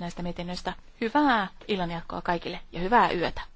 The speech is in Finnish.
näistä mietinnöistä. Hyvää illanjatkoa kaikille ja hyvää yötä.